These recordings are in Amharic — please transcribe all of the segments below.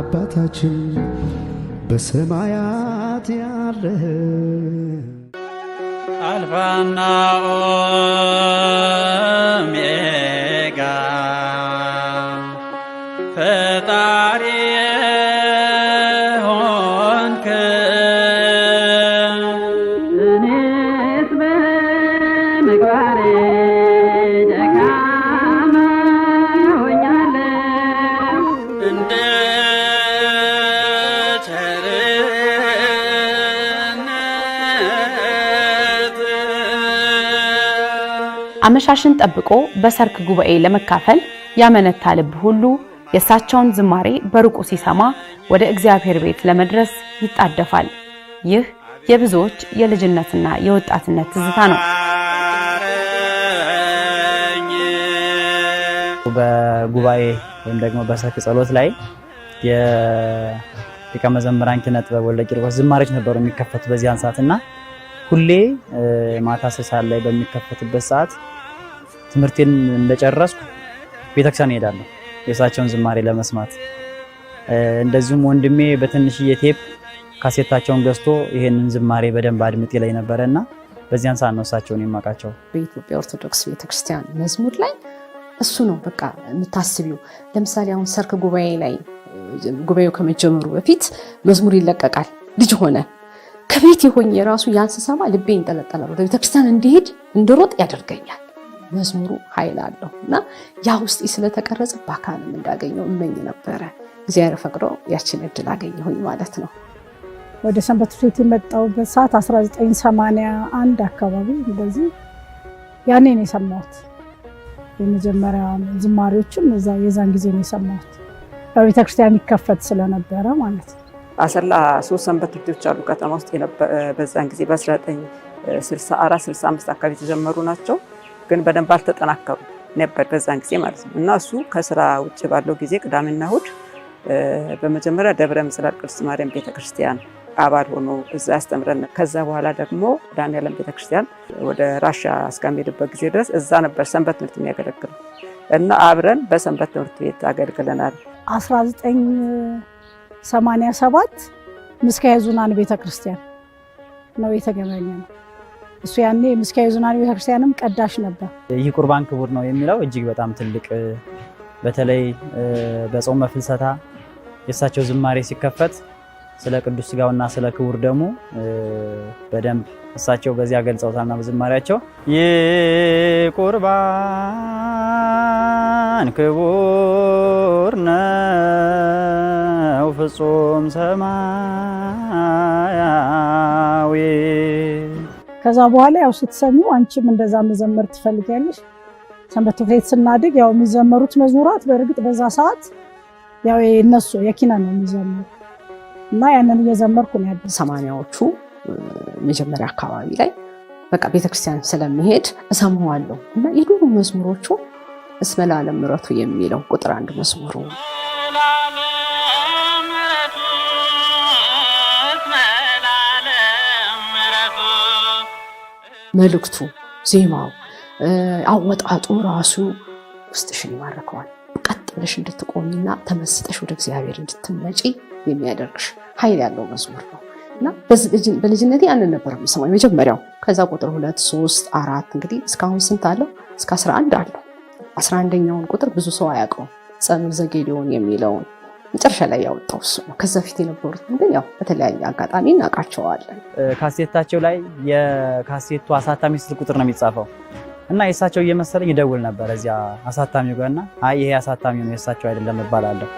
አባታችን በሰማያት ያለህ አልፋና ኦሜጋ አመሻሽን ጠብቆ በሰርክ ጉባኤ ለመካፈል ያመነታ ልብ ሁሉ የእሳቸውን ዝማሬ በሩቁ ሲሰማ ወደ እግዚአብሔር ቤት ለመድረስ ይጣደፋል። ይህ የብዙዎች የልጅነትና የወጣትነት ትዝታ ነው። በጉባኤ ወይም ደግሞ በሰርክ ጸሎት ላይ የሊቀ መዘምራን ኪነ ጥበብ ወልደ ቂርቆስ ዝማሬዎች ነበሩ የሚከፈቱ በዚያን ሰዓት እና ሁሌ ማታ ስሳት ላይ በሚከፈትበት ሰዓት ትምህርቴን እንደጨረስኩ ቤተክርስቲያን እሄዳለሁ የእሳቸውን ዝማሬ ለመስማት። እንደዚሁም ወንድሜ በትንሽዬ ቴፕ ካሴታቸውን ገዝቶ ይሄንን ዝማሬ በደንብ አድምጥ ላይ ነበረ እና በዚያን ሰዓት ነው እሳቸውን የማውቃቸው። በኢትዮጵያ ኦርቶዶክስ ቤተክርስቲያን መዝሙር ላይ እሱ ነው በቃ የምታስቢው። ለምሳሌ አሁን ሰርክ ጉባኤ ላይ ጉባኤው ከመጀመሩ በፊት መዝሙር ይለቀቃል። ልጅ ሆነ ከቤት የሆኝ የራሱ ያን ስሰማ ልቤ ይንጠለጠላል። ወደ ቤተክርስቲያን እንዲሄድ እንድሮጥ ያደርገኛል። መዝሙሩ ኃይል አለው እና ያ ውስጥ ስለተቀረጸ በአካልም እንዳገኘው እመኝ ነበረ። እግዚአብሔር ፈቅዶ ያችን እድል አገኘሁኝ ማለት ነው። ወደ ሰንበት ፌት የመጣውበት ሰዓት 1981 አካባቢ እንደዚህ ያኔ ነው የሰማሁት። የመጀመሪያ እዛ የዛን ጊዜ ነው የሰማሁት። በቤተ ክርስቲያን ይከፈት ስለነበረ ማለት ነው። አሰላ ሶስት ሰንበት ቤቶች አሉ ከተማ ውስጥ በዛን ጊዜ በ1964 65 አካባቢ የተጀመሩ ናቸው። ግን በደንብ አልተጠናከሩ ነበር በዛን ጊዜ ማለት ነው። እና እሱ ከስራ ውጭ ባለው ጊዜ ቅዳሜና እሑድ በመጀመሪያ ደብረ ምጽራቅ ቅድስት ማርያም ቤተክርስቲያን አባል ሆኖ እዛ ያስተምረን። ከዛ በኋላ ደግሞ ዳንያለም ቤተክርስቲያን ወደ ራሻ እስከሚሄድበት ጊዜ ድረስ እዛ ነበር ሰንበት ትምህርት የሚያገለግል እና አብረን በሰንበት ትምህርት ቤት አገልግለናል። 1987 ምስካየ ኅዙናን ቤተክርስቲያን ነው የተገናኘ ነው። እሱ ያኔ የምስኪያ ዞናል ቤተክርስቲያንም ቀዳሽ ነበር። ይህ ቁርባን ክቡር ነው የሚለው እጅግ በጣም ትልቅ በተለይ በጾመ ፍልሰታ የእሳቸው ዝማሬ ሲከፈት ስለ ቅዱስ ስጋውና ስለ ክቡር ደሙ በደንብ እሳቸው በዚያ ገልጸውታልና በዝማሬያቸው ይህ ቁርባን ክቡር ነው ፍጹም ሰማያዊ ከዛ በኋላ ያው ስትሰሚ አንቺም እንደዛ መዘመር ትፈልጊያለሽ። ሰንበት ትምህርት ቤት ስናድግ ያው የሚዘመሩት መዝሙራት በእርግጥ በዛ ሰዓት ያው የነሱ የኪና ነው የሚዘምሩ እና ያንን እየዘመርኩ ነው ያደ ሰማንያዎቹ መጀመሪያ አካባቢ ላይ በቃ ቤተክርስቲያን ስለመሄድ እሰማዋለሁ እና የድሮ መዝሙሮቹ እስመ ለዓለም ምሕረቱ የሚለው ቁጥር አንድ መዝሙሩ መልእክቱ፣ ዜማው፣ አወጣጡ ራሱ ውስጥሽን ይማርከዋል። ቀጥ ብለሽ እንድትቆሚና ተመስጠሽ ወደ እግዚአብሔር እንድትመጪ የሚያደርግሽ ኃይል ያለው መዝሙር ነው እና በልጅነቴ ያንን ነበር የምሰማው የመጀመሪያው። ከዛ ቁጥር ሁለት ሶስት አራት እንግዲህ እስካሁን ስንት አለው? እስከ አስራ አንድ አለው። አስራ አንደኛውን ቁጥር ብዙ ሰው አያውቀውም። ጸምር ዘጌዴዎን የሚለውን መጨረሻ ላይ ያወጣው እሱ ነው። ከዛ ፊት የነበሩትን ግን ያው በተለያየ አጋጣሚ እናውቃቸዋለን። ካሴታቸው ላይ የካሴቱ አሳታሚ ስልክ ቁጥር ነው የሚጻፈው እና የእሳቸው እየመሰለኝ ይደውል ነበር እዚያ አሳታሚው ጋር እና አይ ይሄ አሳታሚ ነው የእሳቸው አይደለም እባላለሁ።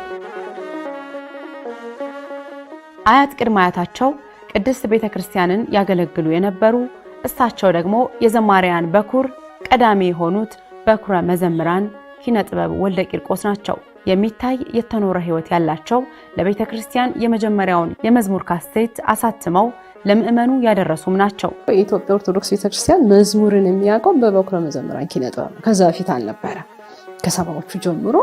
አያት ቅድመ አያታቸው ቅድስት ቤተ ክርስቲያንን ያገለግሉ የነበሩ እሳቸው ደግሞ የዘማሪያን በኩር ቀዳሚ የሆኑት በኩረ መዘምራን ኪነ ጥበብ ወልደ ቂርቆስ ናቸው። የሚታይ የተኖረ ህይወት ያላቸው ለቤተ ክርስቲያን የመጀመሪያውን የመዝሙር ካሴት አሳትመው ለምእመኑ ያደረሱም ናቸው። የኢትዮጵያ ኦርቶዶክስ ቤተክርስቲያን መዝሙርን የሚያውቀው በበኩረ መዘምራን ኪነ ጥበብ ነው። ከዛ በፊት አልነበረ። ከሰባዎቹ ጀምሮ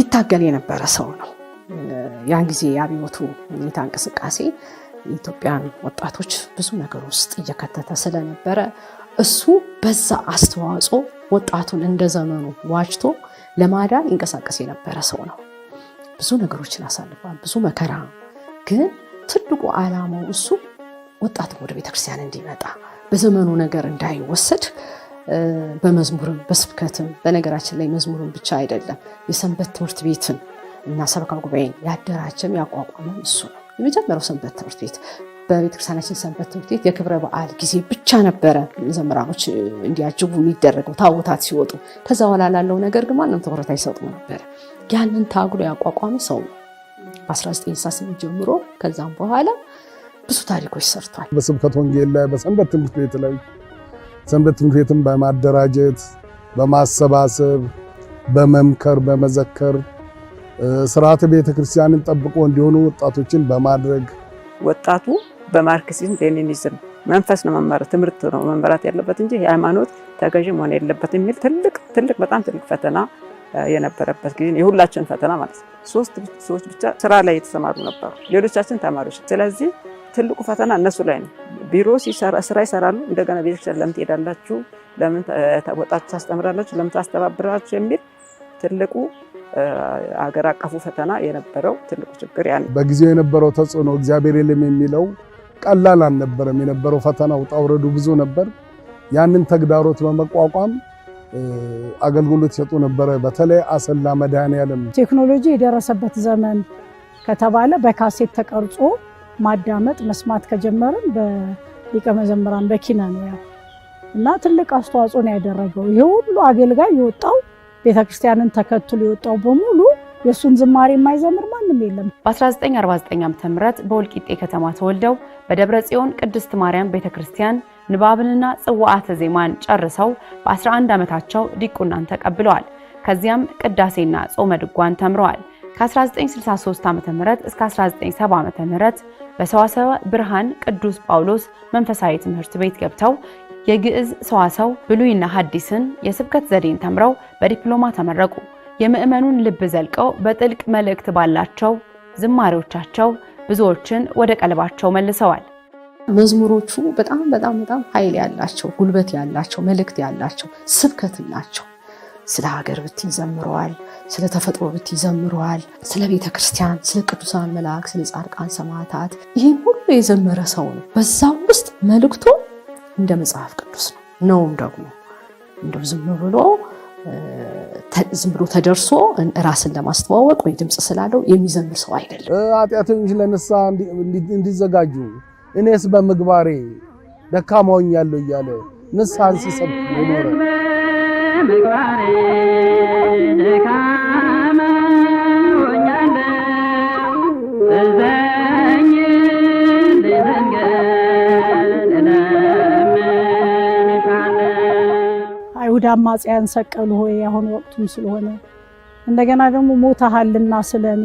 ይታገል የነበረ ሰው ነው። ያን ጊዜ የአብዮቱ ሁኔታ እንቅስቃሴ የኢትዮጵያን ወጣቶች ብዙ ነገር ውስጥ እየከተተ ስለነበረ እሱ በዛ አስተዋጽኦ ወጣቱን እንደ ዘመኑ ዋጅቶ ለማዳን ይንቀሳቀስ የነበረ ሰው ነው። ብዙ ነገሮችን አሳልፏል፣ ብዙ መከራ። ግን ትልቁ ዓላማው እሱ ወጣቱ ወደ ቤተክርስቲያን እንዲመጣ በዘመኑ ነገር እንዳይወሰድ በመዝሙርም በስብከትም በነገራችን ላይ መዝሙርም ብቻ አይደለም። የሰንበት ትምህርት ቤትን እና ሰበካ ጉባኤን ያደራጀም ያቋቋመም እሱ ነው። የመጀመሪያው ሰንበት ትምህርት ቤት በቤተክርስቲያናችን ሰንበት ትምህርት ቤት የክብረ በዓል ጊዜ ብቻ ነበረ ዘምራኖች እንዲያጅቡ የሚደረገው ታቦታት ሲወጡ። ከዛ በኋላ ላለው ነገር ግን ማንም ትኩረት አይሰጡ ነበረ። ያንን ታግሎ ያቋቋመ ሰው ነው። በ1968 ጀምሮ ከዛም በኋላ ብዙ ታሪኮች ሰርቷል። በስብከት ወንጌል ላይ፣ በሰንበት ትምህርት ቤት ላይ ሰንበት ትምህርት ቤትን በማደራጀት በማሰባሰብ በመምከር በመዘከር ስርዓተ ቤተክርስቲያንን ጠብቆ እንዲሆኑ ወጣቶችን በማድረግ ወጣቱ በማርክሲዝም ሌኒኒዝም መንፈስ ነው መመራት ትምህርት ነው መመራት ያለበት እንጂ የሃይማኖት ተገዥ መሆን የለበት የሚል ትልቅ ትልቅ በጣም ትልቅ ፈተና የነበረበት ጊዜ የሁላችን ፈተና ማለት ነው። ሶስት ሰዎች ብቻ ስራ ላይ የተሰማሩ ነበሩ፣ ሌሎቻችን ተማሪዎች። ስለዚህ ትልቁ ፈተና እነሱ ላይ ነው። ቢሮ ስራ ይሰራሉ፣ እንደገና ቤተክርስቲያን ለምን ትሄዳላችሁ? ለምን ወጣችሁ ታስተምራላችሁ? ለምን ታስተባብራላችሁ? የሚል ትልቁ አገር አቀፉ ፈተና የነበረው ትልቁ ችግር ያ በጊዜው የነበረው ተጽዕኖ እግዚአብሔር የለም የሚለው ቀላል አልነበረም። የነበረው ፈተና ውጣ ውረዱ ብዙ ነበር። ያንን ተግዳሮት በመቋቋም አገልግሎት ይሰጡ ነበረ። በተለይ አሰላ መድኃኔዓለም ቴክኖሎጂ የደረሰበት ዘመን ከተባለ በካሴት ተቀርጾ ማዳመጥ መስማት ከጀመርን በሊቀ መዘምራን በኪና ነው ያው እና ትልቅ አስተዋጽኦ ነው ያደረገው። ይሄ ሁሉ አገልጋይ የወጣው ቤተክርስቲያንን ተከትሎ የወጣው በሙሉ የእሱን ዝማሬ የማይዘምር ማንም የለም። በ1949 ዓ ም በወልቂጤ ከተማ ተወልደው በደብረ ጽዮን ቅድስት ማርያም ቤተ ክርስቲያን ንባብንና ጽዋዓተ ዜማን ጨርሰው በ11 ዓመታቸው ዲቁናን ተቀብለዋል። ከዚያም ቅዳሴና ጾመ ድጓን ተምረዋል። ከ1963 ዓ ም እስከ 1970 ዓ ም በሰዋሰወ ብርሃን ቅዱስ ጳውሎስ መንፈሳዊ ትምህርት ቤት ገብተው የግዕዝ ሰዋሰው ብሉይና ሐዲስን የስብከት ዘዴን ተምረው በዲፕሎማ ተመረቁ። የምእመኑን ልብ ዘልቀው በጥልቅ መልእክት ባላቸው ዝማሬዎቻቸው ብዙዎችን ወደ ቀልባቸው መልሰዋል። መዝሙሮቹ በጣም በጣም በጣም ኃይል ያላቸው፣ ጉልበት ያላቸው፣ መልእክት ያላቸው ስብከት ናቸው። ስለ ሀገር ብት ይዘምረዋል፣ ስለ ተፈጥሮ ብት ይዘምረዋል፣ ስለ ቤተ ክርስቲያን፣ ስለ ቅዱሳን መልአክ፣ ስለ ጻድቃን ሰማዕታት፣ ይህን ሁሉ የዘመረ ሰው ነው። በዛ ውስጥ መልእክቱ እንደ መጽሐፍ ቅዱስ ነው ነውም ደግሞ እንደው ዝም ብሎ ዝም ብሎ ተደርሶ ራስን ለማስተዋወቅ ወይ ድምፅ ስላለው የሚዘምር ሰው አይደለም። ኃጢአተኞች ለንስሐ እንዲዘጋጁ እኔስ በምግባሬ ደካማ ሆኛለሁ እያለ ንስሐን ሲሰብክ ኖረ። ምግባሬ ደካማ ሆኛለሁ አይሁድ አማጽያን ሰቀሉ ሆይ አሁን ወቅቱም ስለሆነ እንደገና ደግሞ ሞተሃልና ስለ እኔ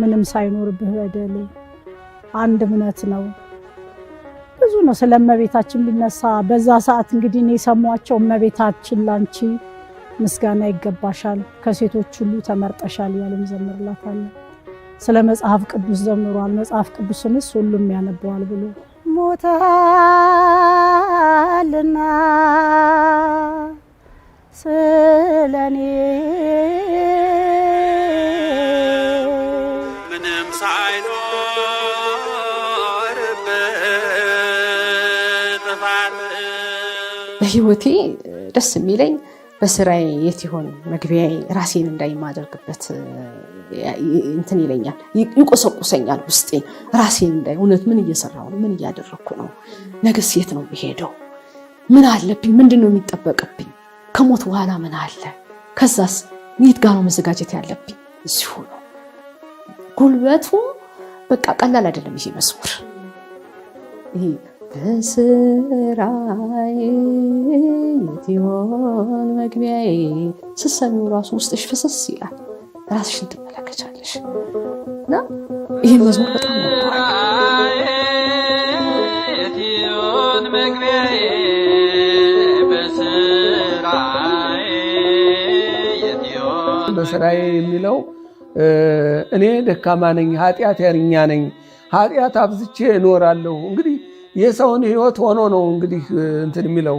ምንም ሳይኖርብህ በደል አንድ እምነት ነው። ብዙ ነው ስለ እመቤታችን ቢነሳ። በዛ ሰዓት እንግዲህ እኔ የሰሟቸው እመቤታችን ላንቺ ምስጋና ይገባሻል፣ ከሴቶች ሁሉ ተመርጠሻል እያለም ዘምርላታለን። ስለ መጽሐፍ ቅዱስ ዘምሯል። መጽሐፍ ቅዱስንስ ሁሉም ያነበዋል ብሎ ሞታልና ስለኔ ምንም ሳይኖርበት በህይወቴ ደስ የሚለኝ በስራዬ የት ይሆን መግቢያዬ ራሴን እንዳይማደርግበት እንትን ይለኛል፣ ይቆሰቁሰኛል ውስጤ ራሴን እንዳይ እውነት ምን እየሰራሁ ነው? ምን እያደረግኩ ነው? ነገስ የት ነው የሚሄደው ምን አለብኝ? ምንድን ነው የሚጠበቅብኝ? ከሞት በኋላ ምን አለ? ከዛስ የት ጋር ነው መዘጋጀት ያለብኝ? እዚሁ ነው ጉልበቱ። በቃ ቀላል አይደለም ይሄ መስሙር በስራዬ የት ይሆን መግቢያዬ? ስትሰሚው ራሱ ውስጥሽ ፍስስ ይላል። ራስሽን ትመለከቻለሽ እና ይህን መዝሙር በጣም በስራዬ የሚለው እኔ ደካማ ነኝ፣ ኃጢአት ያርኛ ነኝ፣ ኃጢአት አብዝቼ እኖራለሁ። እንግዲህ የሰውን ህይወት ሆኖ ነው እንግዲህ እንትን የሚለው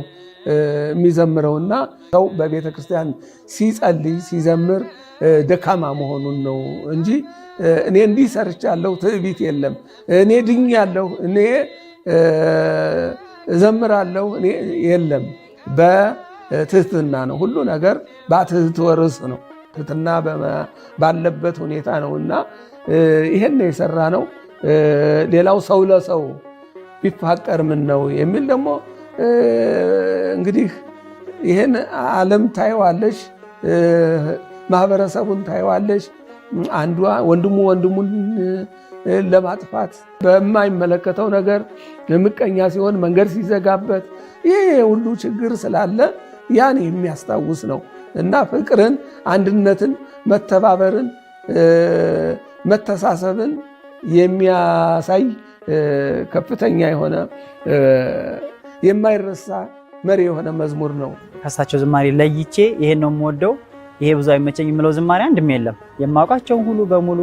የሚዘምረውና ሰው በቤተ ክርስቲያን ሲጸልይ ሲዘምር ደካማ መሆኑን ነው እንጂ እኔ እንዲህ ሰርቻለሁ ትዕቢት የለም። እኔ ድኛለሁ፣ እኔ እዘምራለሁ፣ እኔ የለም። በትህትና ነው ሁሉ ነገር። በትህት ወርስ ነው ትህትና ባለበት ሁኔታ ነው እና ይሄን ነው የሰራ ነው። ሌላው ሰው ለሰው ቢፋቀር ምን ነው የሚል ደግሞ እንግዲህ ይህን ዓለም ታየዋለሽ ማህበረሰቡን ታየዋለሽ። አንዷ ወንድሙ ወንድሙን ለማጥፋት በማይመለከተው ነገር ምቀኛ ሲሆን መንገድ ሲዘጋበት ይህ ሁሉ ችግር ስላለ ያን የሚያስታውስ ነው እና ፍቅርን፣ አንድነትን፣ መተባበርን፣ መተሳሰብን የሚያሳይ ከፍተኛ የሆነ የማይረሳ መሪ የሆነ መዝሙር ነው። ከሳቸው ዝማሬ ለይቼ ይሄን ነው የምወደው ይሄ ብዙ አይመቸኝ የምለው ዝማሬ አንድም የለም። የማውቃቸውን ሁሉ በሙሉ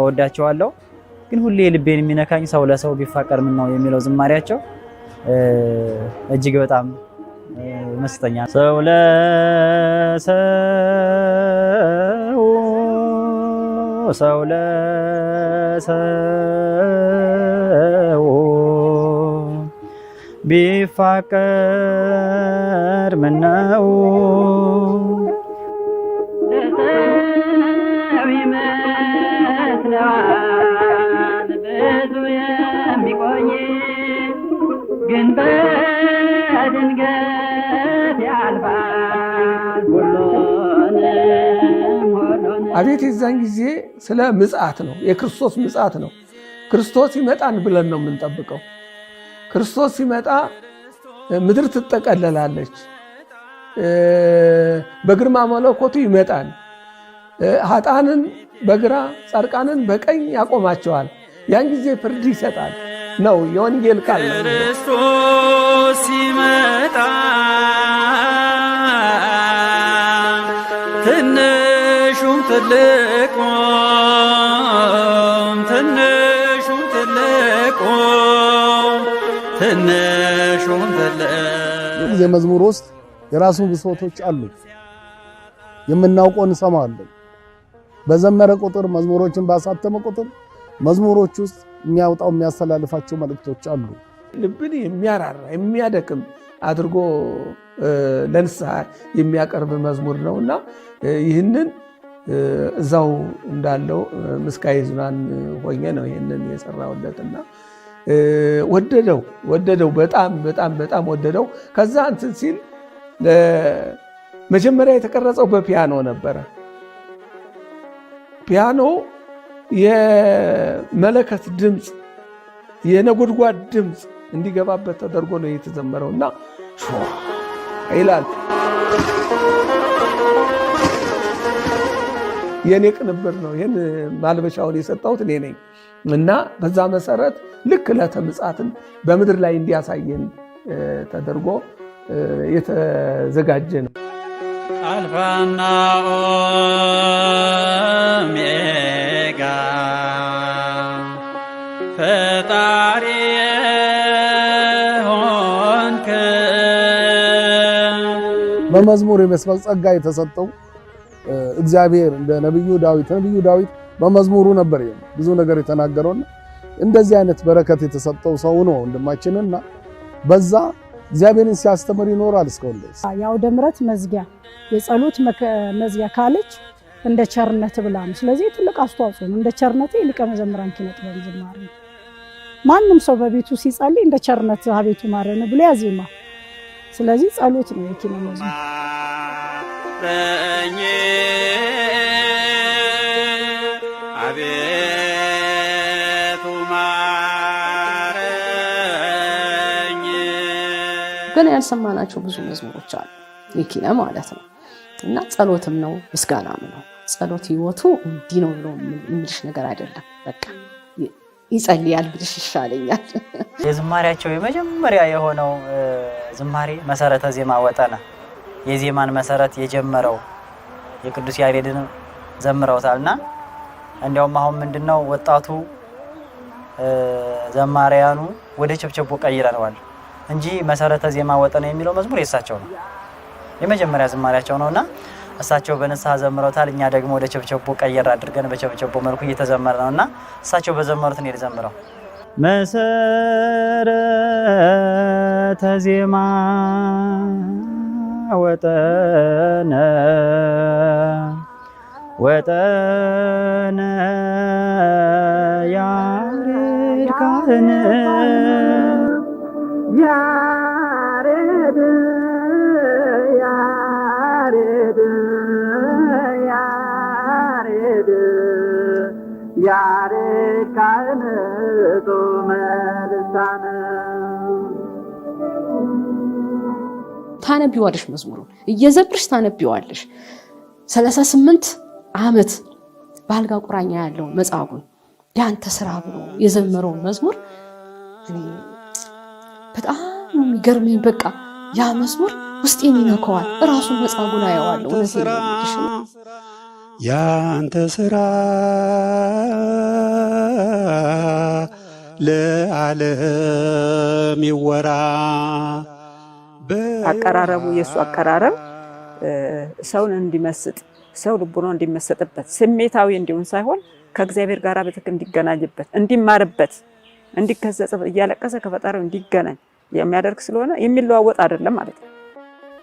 እወዳቸዋለሁ፣ ግን ሁሌ ልቤን የሚነካኝ ሰው ለሰው ቢፋቀር ምን ነው የሚለው ዝማሬያቸው እጅግ በጣም ይመስጠኛል። ሰው ለሰው ሰው ለሰው ቢፋቀር ምን ነው ሰው ይመስላል ብዙ የሚቆይ ግን በድንገት ያልፋል አቤት የዛን ጊዜ ስለ ምጽአት ነው፣ የክርስቶስ ምጽአት ነው። ክርስቶስ ይመጣን ብለን ነው የምንጠብቀው። ክርስቶስ ሲመጣ ምድር ትጠቀለላለች። በግርማ መለኮቱ ይመጣል። ኃጣንን በግራ ጻድቃንን በቀኝ ያቆማቸዋል። ያን ጊዜ ፍርድ ይሰጣል ነው የወንጌል ቃል ነው። ክርስቶስ ሲመጣ ትንሹም ትልቁም ትንሹም ትልቁም ትንሹም ትልቁም የመዝሙር ውስጥ የራሱ ብሶቶች አሉ። የምናውቀውን እንሰማዋለን። በዘመረ ቁጥር መዝሙሮችን ባሳተመ ቁጥር መዝሙሮች ውስጥ የሚያወጣው የሚያስተላልፋቸው መልእክቶች አሉ። ልብን የሚያራራ የሚያደክም አድርጎ ለንስሐ የሚያቀርብ መዝሙር ነው እና ይህንን እዛው እንዳለው ምስካየ ኅዙናን ሆኜ ነው ይህንን የሰራሁለትና ወደደው ወደደው በጣም በጣም በጣም ወደደው። ከዛ እንትን ሲል መጀመሪያ የተቀረጸው በፒያኖ ነበረ። ፒያኖ የመለከት ድምፅ፣ የነጎድጓድ ድምፅ እንዲገባበት ተደርጎ ነው የተዘመረው እና ይላል። የእኔ ቅንብር ነው። ይህን ማልበሻውን የሰጠሁት እኔ ነኝ እና በዛ መሰረት ልክ ለተምጻትን በምድር ላይ እንዲያሳየን ተደርጎ የተዘጋጀ ነው። አልፋና ኦሜጋ ፈጣሪ ሆንክ። በመዝሙር ጸጋ የተሰጠው እግዚአብሔር እንደ ነቢዩ ዳዊት ነቢዩ ዳዊት በመዝሙሩ ነበር ብዙ ነገር የተናገረውና እንደዚህ አይነት በረከት የተሰጠው ሰው ነው ወንድማችንና በዛ እግዚአብሔርን ሲያስተምር ይኖራል እስካሁን ድረስ። የአውደ ምሕረት መዝጊያ የጸሎት መዝጊያ ካለች እንደ ቸርነት ብላ ነው። ስለዚህ ትልቅ አስተዋጽኦ ነው። እንደ ቸርነት ሊቀ መዘምራን ኪነ ጥበብ ነው። ማንም ሰው በቤቱ ሲጸልይ እንደ ቸርነት አቤቱ ማረን ብሎ ያዜማ። ስለዚህ ጸሎት ነው የኪነ መዝሙር ያልሰማናቸው ብዙ መዝሙሮች አሉ። የኪነ ማለት ነው እና ጸሎትም ነው ምስጋናም ነው። ጸሎት ህይወቱ እንዲህ ነው ብሎ የምልሽ ነገር አይደለም። በቃ ይጸልያል ብልሽ ይሻለኛል። የዝማሪያቸው የመጀመሪያ የሆነው ዝማሬ መሰረተ ዜማ ወጠነ የዜማን መሰረት የጀመረው የቅዱስ ያሬድን ዘምረውታልና እንዲያውም አሁን ምንድነው ወጣቱ ዘማሪያኑ ወደ ቸብቸቦ ቀይረነዋል። እንጂ መሰረተ ዜማ ወጠነ የሚለው መዝሙር የእሳቸው ነው፣ የመጀመሪያ ዝማሪያቸው ነው እና እሳቸው በንስሐ ዘምረውታል። እኛ ደግሞ ወደ ቸብቸቦ ቀየር አድርገን በቸብቸቦ መልኩ እየተዘመረ ነው እና እሳቸው በዘመሩት ነው የተዘምረው። መሰረተ ዜማ ወጠነ ወጠነ ያሬድ ካህን ያሬድ ያሬድ ያሬድ ያሬድ ካህን ጾመ ታነቢዋለሽ መዝሙሩን እየዘብርሽ ታነቢዋለሽ። ሰላሳ ስምንት ዓመት በአልጋ ቁራኛ ያለው መጻጉዕን ያንተ ስራ ብሎ የዘመረውን መዝሙር በጣም ነው የሚገርመኝ። በቃ ያ መዝሙር ውስጤን ይነከዋል። እራሱን መጻጉን አየዋለሁ። ያንተ ስራ ለዓለም ይወራ። አቀራረቡ የእሱ አቀራረብ ሰውን እንዲመስጥ ሰው ልቡኖ እንዲመሰጥበት ስሜታዊ እንዲሆን ሳይሆን ከእግዚአብሔር ጋር በትክ እንዲገናኝበት እንዲማርበት እንዲገሰጽ እያለቀሰ ከፈጣሪው እንዲገናኝ የሚያደርግ ስለሆነ የሚለዋወጥ አይደለም ማለት ነው።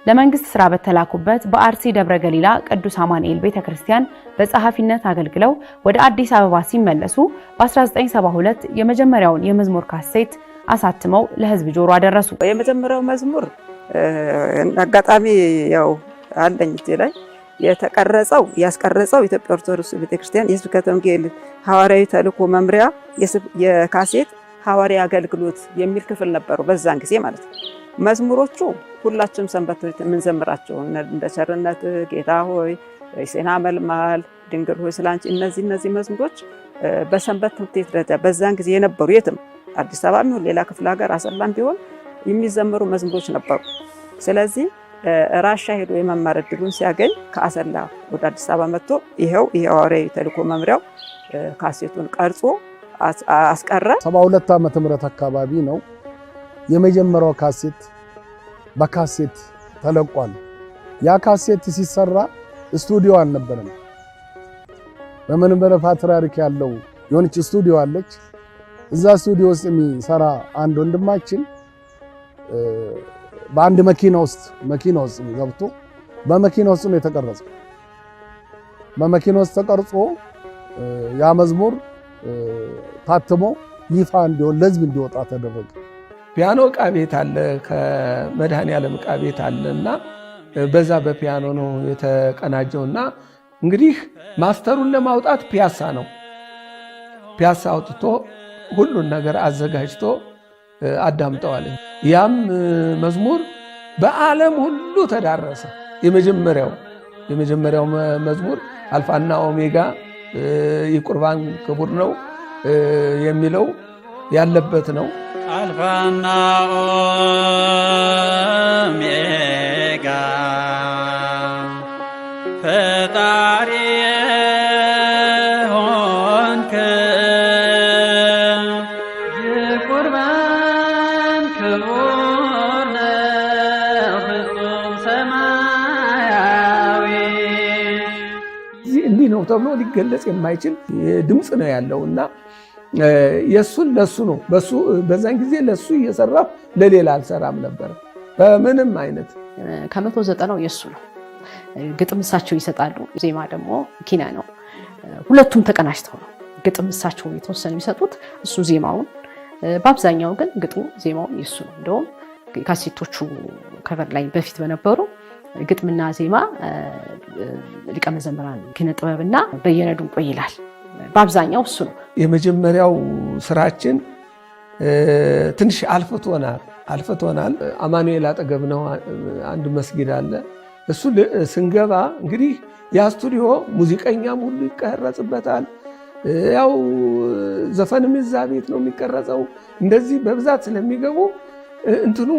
ለመንግስት ስራ በተላኩበት በአርሲ ደብረ ገሊላ ቅዱስ አማኑኤል ቤተ ክርስቲያን በጸሐፊነት አገልግለው ወደ አዲስ አበባ ሲመለሱ በ1972 የመጀመሪያውን የመዝሙር ካሴት አሳትመው ለህዝብ ጆሮ አደረሱ። የመጀመሪያው መዝሙር አጋጣሚ ያው አለኝ እጄ ላይ የተቀረጸው ያስቀረጸው ኢትዮጵያ ኦርቶዶክስ ቤተክርስቲያን የስብከተ ወንጌል ሐዋርያዊ ተልእኮ መምሪያ የካሴት ሐዋርያ አገልግሎት የሚል ክፍል ነበሩ በዛን ጊዜ ማለት ነው። መዝሙሮቹ ሁላችንም ሰንበት የምንዘምራቸው እንደ ቸርነት ጌታ ሆይ ሴና መልማል ድንግል ሆይ ስላንቺ እነዚህ እነዚህ መዝሙሮች በሰንበት ትምህርት ቤት ደረጃ በዛን ጊዜ የነበሩ የትም አዲስ አበባ ቢሆን ሌላ ክፍለ ሀገር አሰላም ቢሆን የሚዘምሩ መዝሙሮች ነበሩ። ስለዚህ ራሻ ሄዶ የመማር እድሉን ሲያገኝ ከአሰላ ወደ አዲስ አበባ መጥቶ ይኸው ይኸው ተልእኮ መምሪያው ካሴቱን ቀርጾ አስቀረ። 72 ዓመተ ምህረት አካባቢ ነው የመጀመሪያው ካሴት በካሴት ተለቋል። ያ ካሴት ሲሰራ ስቱዲዮ አልነበረም። በመንበረ ፓትርያርክ ያለው የሆነች ስቱዲዮ አለች። እዛ ስቱዲዮ ውስጥ የሚሰራ አንድ ወንድማችን በአንድ መኪና ውስጥ መኪና ውስጥ ገብቶ በመኪና ውስጥ ነው የተቀረጸው። በመኪና ውስጥ ተቀርጾ ያ መዝሙር ታትሞ ይፋ እንዲሆን ለህዝብ እንዲወጣ ተደረገ። ፒያኖ እቃ ቤት አለ፣ ከመድኃኔ ዓለም ዕቃ ቤት አለ እና በዛ በፒያኖ ነው የተቀናጀው እና እንግዲህ ማስተሩን ለማውጣት ፒያሳ ነው። ፒያሳ አውጥቶ ሁሉን ነገር አዘጋጅቶ አዳምጠዋል። ያም መዝሙር በዓለም ሁሉ ተዳረሰ። የመጀመሪያው የመጀመሪያው መዝሙር አልፋና ኦሜጋ የቁርባን ክቡር ነው የሚለው ያለበት ነው። አልፋና ኦሜጋ ፈጣሪ ተብሎ ሊገለጽ የማይችል ድምፅ ነው ያለው እና የእሱን ለሱ ነው በዛን ጊዜ ለሱ እየሰራሁ ለሌላ አልሰራም ነበር በምንም አይነት። ከመቶ ዘጠናው የእሱ ነው። ግጥም እሳቸው ይሰጣሉ፣ ዜማ ደግሞ ኪና ነው። ሁለቱም ተቀናጅተው ነው ግጥም እሳቸው የተወሰኑ የሚሰጡት እሱ ዜማውን፣ በአብዛኛው ግን ግጥሙ ዜማውን የእሱ ነው። እንደውም ካሴቶቹ ከበር ላይ በፊት በነበሩ ግጥምና ዜማ ሊቀ መዘምራን ኪነ ጥበብና በየነ ድንቆ ይላል። በአብዛኛው እሱ ነው የመጀመሪያው ስራችን። ትንሽ አልፍቶናል አልፍቶናል። አማኑኤል አጠገብ ነው አንድ መስጊድ አለ። እሱ ስንገባ እንግዲህ ያ ስቱዲዮ ሙዚቀኛም ሁሉ ይቀረጽበታል። ያው ዘፈንም እዛ ቤት ነው የሚቀረጸው። እንደዚህ በብዛት ስለሚገቡ እንትኑ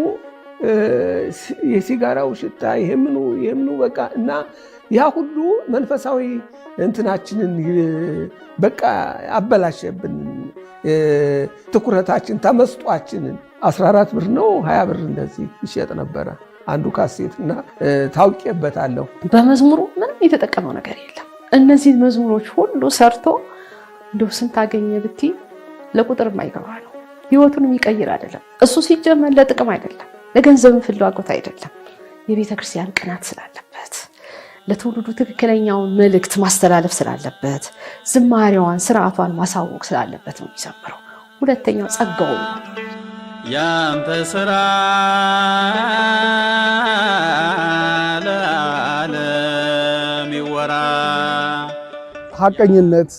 የሲጋራው ሽታ ይህምኑ ይህምኑ በቃ እና ያ ሁሉ መንፈሳዊ እንትናችንን በቃ አበላሸብን። ትኩረታችን ተመስጧችንን 14 ብር ነው 20 ብር እንደዚህ ይሸጥ ነበረ አንዱ ካሴት እና ታውቄበታለሁ። በመዝሙሩ ምንም የተጠቀመው ነገር የለም። እነዚህ መዝሙሮች ሁሉ ሰርቶ እንደው ስንት አገኘ ብቲ ለቁጥር የማይገባ ነው። ህይወቱን የሚቀይር አይደለም። እሱ ሲጀመር ለጥቅም አይደለም። ለገንዘብን ፍላጎት አይደለም። የቤተ ክርስቲያን ቅናት ስላለበት ለትውልዱ ትክክለኛውን መልእክት ማስተላለፍ ስላለበት ዝማሬዋን፣ ስርዓቷን ማሳወቅ ስላለበት ነው የሚዘምረው። ሁለተኛው ጸጋው ያንተ ስራ ለዓለም ይወራ። ሀቀኝነት፣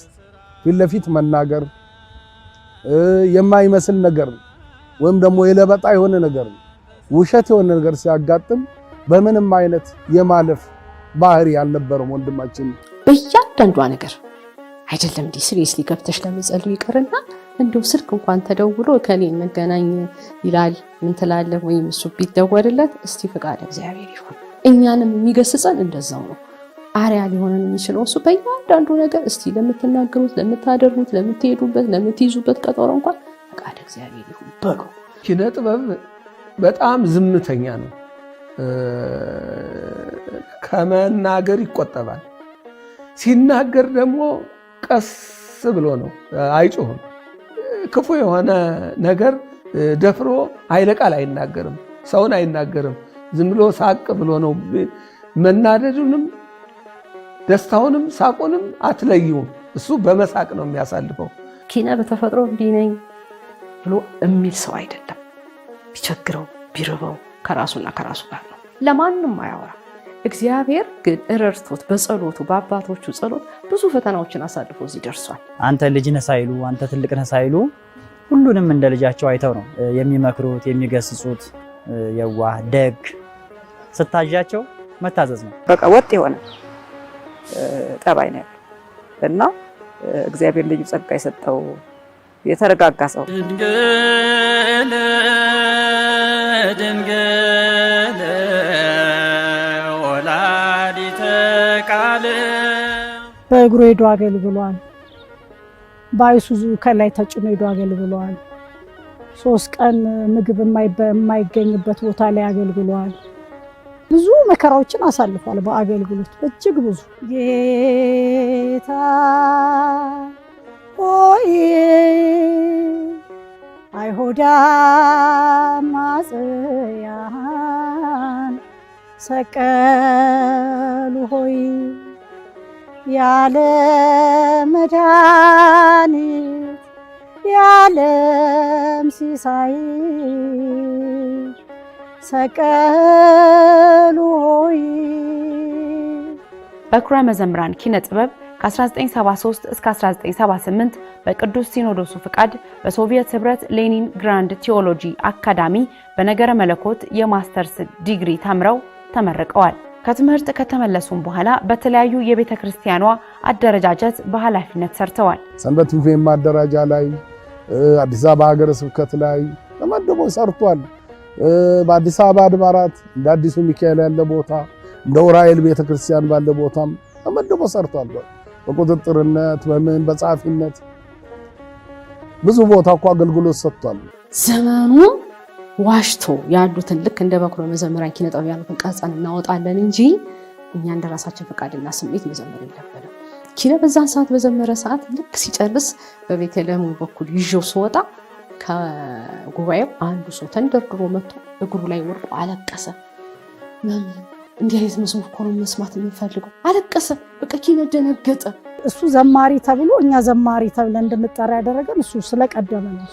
ፊት ለፊት መናገር የማይመስል ነገር ወይም ደግሞ የለበጣ የሆነ ነገር ነው ውሸት የሆነ ነገር ሲያጋጥም በምንም አይነት የማለፍ ባህሪ ያልነበረም ወንድማችን በእያንዳንዷ ነገር አይደለም እንዲህ ሲሪየስሊ ገብተሽ ለመጸለይ ይቅርና እንደው ስልክ እንኳን ተደውሎ ከኔ እንገናኝ ይላል። ምን ትላለህ? ወይም እሱ ቢደወልለት እስቲ ፈቃድ እግዚአብሔር ይሁን። እኛንም የሚገስጸን እንደዛው ነው። አሪያ ሊሆነን የሚችለው እሱ በእያንዳንዱ ነገር እስቲ ለምትናገሩት፣ ለምታደርጉት፣ ለምትሄዱበት፣ ለምትይዙበት ቀጠሮ እንኳን ፈቃድ እግዚአብሔር ይሁን በሉ ኪነ ጥበብ በጣም ዝምተኛ ነው። ከመናገር ይቆጠባል። ሲናገር ደግሞ ቀስ ብሎ ነው፣ አይጮህም። ክፉ የሆነ ነገር ደፍሮ አይለቃል፣ አይናገርም፣ ሰውን አይናገርም። ዝም ብሎ ሳቅ ብሎ ነው። መናደዱንም ደስታውንም ሳቁንም አትለይውም። እሱ በመሳቅ ነው የሚያሳልፈው። ኪነ በተፈጥሮ እንዲህ ነኝ ብሎ የሚል ሰው አይደለም። ቢቸግረው ቢርበው ከራሱና ከራሱ ጋር ነው፣ ለማንም አያወራ። እግዚአብሔር ግን እረድቶት በጸሎቱ በአባቶቹ ጸሎት ብዙ ፈተናዎችን አሳልፎ እዚህ ደርሷል። አንተ ልጅ ነህ ሳይሉ አንተ ትልቅ ነህ ሳይሉ ሁሉንም እንደ ልጃቸው አይተው ነው የሚመክሩት የሚገስጹት። የዋህ ደግ፣ ስታዣቸው መታዘዝ ነው። በቃ ወጥ የሆነ ጠባይ ነው እና እግዚአብሔር ልዩ ጸጋ የሰጠው የተረጋጋ ሰው በእግሩ ሄዶ አገልግሏል። በአይሱዙ ከላይ ተጭኖ ሄዶ አገልግሏል። ሶስት ቀን ምግብ የማይገኝበት ቦታ ላይ አገልግሏል። ብዙ መከራዎችን አሳልፏል። በአገልግሎት እጅግ ብዙ ጌታ ሆይ አይሁዳ ማጽያን ሰቀሉ ሆይ ያለ መድኃኒት ያለም ሲሳይ ሰቀሉ ሆይ በኩረ መዘምራን ኪነ ጥበብ ከ1973 እስከ 1978 በቅዱስ ሲኖዶሱ ፍቃድ በሶቪየት ህብረት ሌኒን ግራንድ ቲዎሎጂ አካዳሚ በነገረ መለኮት የማስተርስ ዲግሪ ተምረው ተመርቀዋል። ከትምህርት ከተመለሱም በኋላ በተለያዩ የቤተ ክርስቲያኗ አደረጃጀት በኃላፊነት ሰርተዋል። ሰንበት ቤት ማደራጃ ላይ፣ አዲስ አበባ ሀገረ ስብከት ላይ ተመድቦ ሰርቷል። በአዲስ አበባ አድባራት እንደ አዲሱ ሚካኤል ያለ ቦታ እንደ ዑራኤል ቤተክርስቲያን ባለ ቦታም ተመድቦ ሰርቷል። በቁጥጥርነት በምን በጸሐፊነት ብዙ ቦታ እኮ አገልግሎት ሰጥቷል። ዘመኑ ዋሽቶ ያሉትን ልክ እንደ በኩረ መዘምራን ኪነጠብ ያሉትን ቀርጸን እናወጣለን እንጂ እኛ እንደ ራሳችን ፈቃድና ስሜት መዘመር የለብንም። ኪነ በዛን ሰዓት በዘመረ ሰዓት ልክ ሲጨርስ በቤተልሔሙ በኩል ይዤው ስወጣ ከጉባኤው አንዱ ሰው ተንደርድሮ መጥቶ እግሩ ላይ ወርዶ አለቀሰ። እንዲህ አይነት መዝሙር እኮ ነው መስማት የምንፈልገው። አለቀሰ፣ በቃ ኪነ ደነገጠ። እሱ ዘማሪ ተብሎ እኛ ዘማሪ ተብለ እንድንጠራ ያደረገን እሱ ስለቀደመ ነው።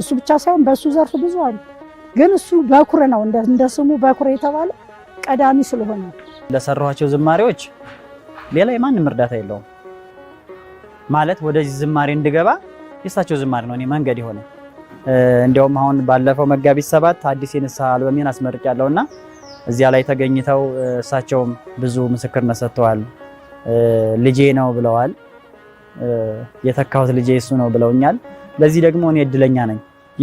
እሱ ብቻ ሳይሆን በእሱ ዘርፍ ብዙ አሉ፣ ግን እሱ በኩር ነው እንደ ስሙ በኩር የተባለ ቀዳሚ ስለሆነ ለሰራኋቸው ዝማሬዎች ሌላ የማንም እርዳታ የለውም። ማለት ወደዚህ ዝማሬ እንድገባ የእሳቸው ዝማሬ ነው እኔ መንገድ የሆነ እንዲያውም አሁን ባለፈው መጋቢት ሰባት አዲስ የንስሐ አልበሜን አስመርቅ ያለውና እዚያ ላይ ተገኝተው እሳቸውም ብዙ ምስክርነት ሰጥተዋል። ልጄ ነው ብለዋል። የተካሁት ልጄ እሱ ነው ብለውኛል። ለዚህ ደግሞ እኔ እድለኛ ነኝ።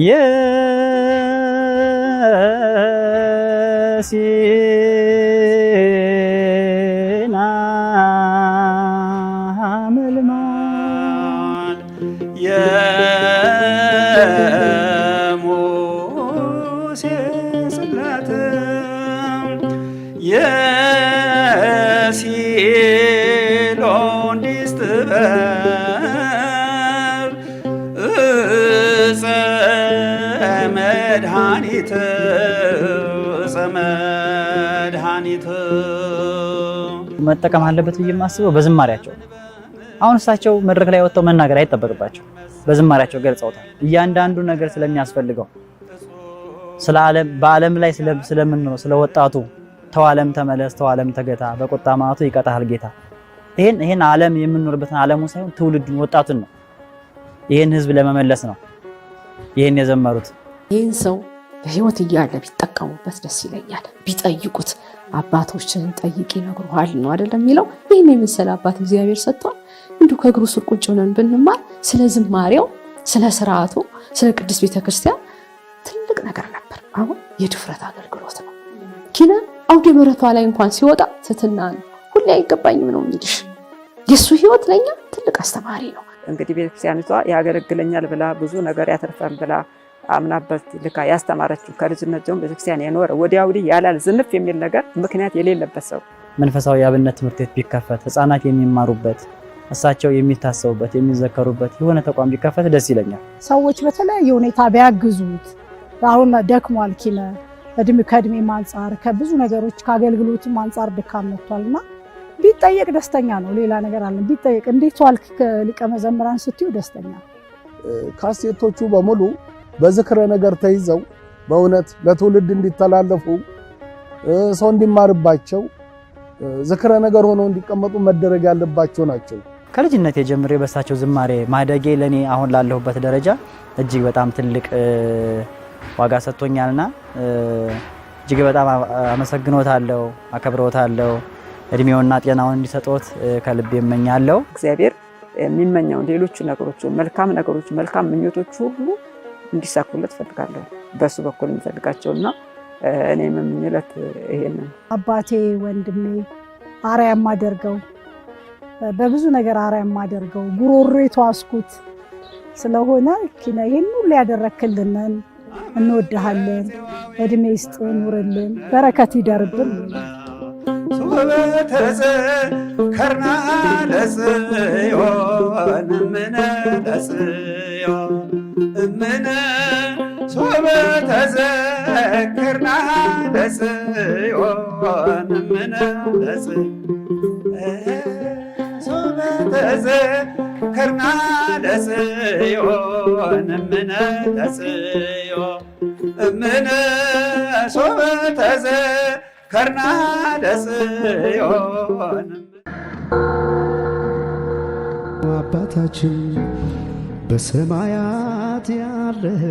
የሲ መጠቀም አለበት ብዬ የማስበው በዝማሪያቸው አሁን እሳቸው መድረክ ላይ ወጥተው መናገር አይጠበቅባቸው፣ በዝማሪያቸው ገልጸውታል። እያንዳንዱ ነገር ስለሚያስፈልገው ስለ ዓለም በዓለም ላይ ስለምንኖር ስለ ወጣቱ ተዋለም ተመለስ ተዋለም ተገታ በቁጣ ማቱ ይቀጣል ጌታ። ይሄን ይሄን ዓለም የምንኖርበትን ዓለሙ ሳይሆን ትውልዱን ወጣቱን ነው። ይሄን ህዝብ ለመመለስ ነው ይሄን የዘመሩት። ይህን ሰው በህይወት እያለ ቢጠቀሙበት ደስ ይለኛል፣ ቢጠይቁት አባቶችን ጠይቅ ይነግሩሃል ነው አይደል የሚለው። ይህን የመሰለ አባት እግዚአብሔር ሰጥቷል። እንዲሁ ከእግሩ ስር ቁጭ ሆነን ብንማር ስለ ዝማሬው፣ ስለ ስርዓቱ፣ ስለ ቅድስት ቤተክርስቲያን ትልቅ ነገር ነበር። አሁን የድፍረት አገልግሎት ነው። ኪነ አውደ ምሕረቷ ላይ እንኳን ሲወጣ ትትና ነው። ሁሌ አይገባኝም ነው የሚልሽ። የእሱ ህይወት ለእኛ ትልቅ አስተማሪ ነው። እንግዲህ ቤተክርስቲያኒቷ ያገለግለኛል ብላ ብዙ ነገር ያተርፈን ብላ አምናበት ልካ ያስተማረችው ከልጅነት ጀምሮ ቤተክርስቲያን የኖረ ወዲያ ወዲህ ያላል ዝንፍ የሚል ነገር ምክንያት የሌለበት ሰው መንፈሳዊ የአብነት ትምህርት ቤት ቢከፈት ህፃናት የሚማሩበት እሳቸው የሚታሰቡበት የሚዘከሩበት የሆነ ተቋም ቢከፈት ደስ ይለኛል። ሰዎች በተለያየ ሁኔታ ቢያግዙት አሁን ደክሟል ኪነ እድሜ ከእድሜም አንጻር ከብዙ ነገሮች ከአገልግሎትም አንጻር ድካም እና ቢጠየቅ ደስተኛ ነው። ሌላ ነገር አለ ቢጠየቅ እንዴት ዋልክ ሊቀ መዘምራን ስትዩ ደስተኛ ካሴቶቹ በሙሉ በዝክረ ነገር ተይዘው በእውነት ለትውልድ እንዲተላለፉ ሰው እንዲማርባቸው ዝክረ ነገር ሆነው እንዲቀመጡ መደረግ ያለባቸው ናቸው። ከልጅነት የጀምሬ በሳቸው ዝማሬ ማደጌ ለኔ አሁን ላለሁበት ደረጃ እጅግ በጣም ትልቅ ዋጋ ሰጥቶኛልና እጅግ በጣም አመሰግኖታለሁ፣ አከብሮታለሁ። እድሜውና ጤናውን እንዲሰጦት ከልብ ይመኛለሁ። እግዚአብሔር የሚመኘውን ሌሎቹ ነገሮች መልካም ነገሮች መልካም ምኞቶች ሁሉ እንዲሳኩለት ፈልጋለሁ። በሱ በኩል የምፈልጋቸውና እኔ የምመኝለት ይሄን አባቴ፣ ወንድሜ አርያ የማደርገው በብዙ ነገር አርያ የማደርገው ጉሮሮ የተዋስኩት ስለሆነ ኪነ ይህን ሁሉ ያደረክልንን እንወድሃለን። እድሜ ይስጥ፣ ኑርልን፣ በረከት ይደርብን። ሶበተዘ ከርና ለጽዮን ምነ ለጽዮን ምን ሶበ ተዘክርና ለጽዮን ምነ ለጽ ሶበ ተዘክርና ለጽዮን ምነ ለጽዮን ምነ ሶበ ተዘክርና ለጽዮን አባታችን በሰማያ ያለህ